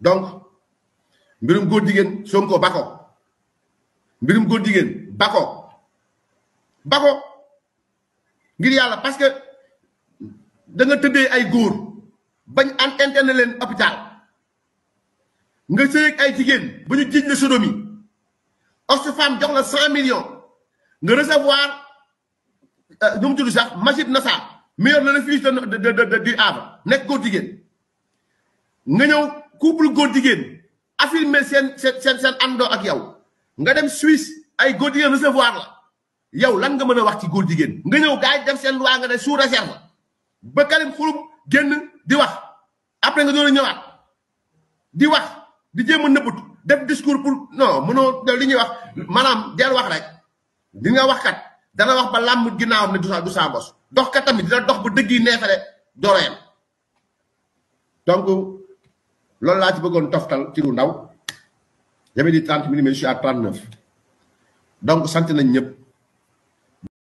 donc mbirum góor jigéen Sonko bako mbirum en bako bako ngir yalla parce que da nga ay bañ an interne len hôpital nga ay buñu sodomi Oxfam la 100 millions nga recevoir ñu euh, sax Majid nasa meilleur de de de du Havre nek de nga couple gondigen. Afil affirmer sen sen sen ando ak yow nga dem Suisse ay góor jigéen recevoir la yow lan nga meuna wax ci góor jigéen nga ñew gaay yi def seen loi nga ne sous réserve ba kalim xulum genn di wax après nga doona ñewat di wax di jëm neubut def discours pour non mënoo li ñi wax manam del wax rek di nga wax kat dana wax ba lamb ginaaw ne du sa du sa bos dox kat tamit dina dox bu dëgg yi neefere donc loolu laa ci bëggoon toftal ci lu ndaw j'avais dit 30 minutes mais je suis à 39 donc sant nañ ñëpp.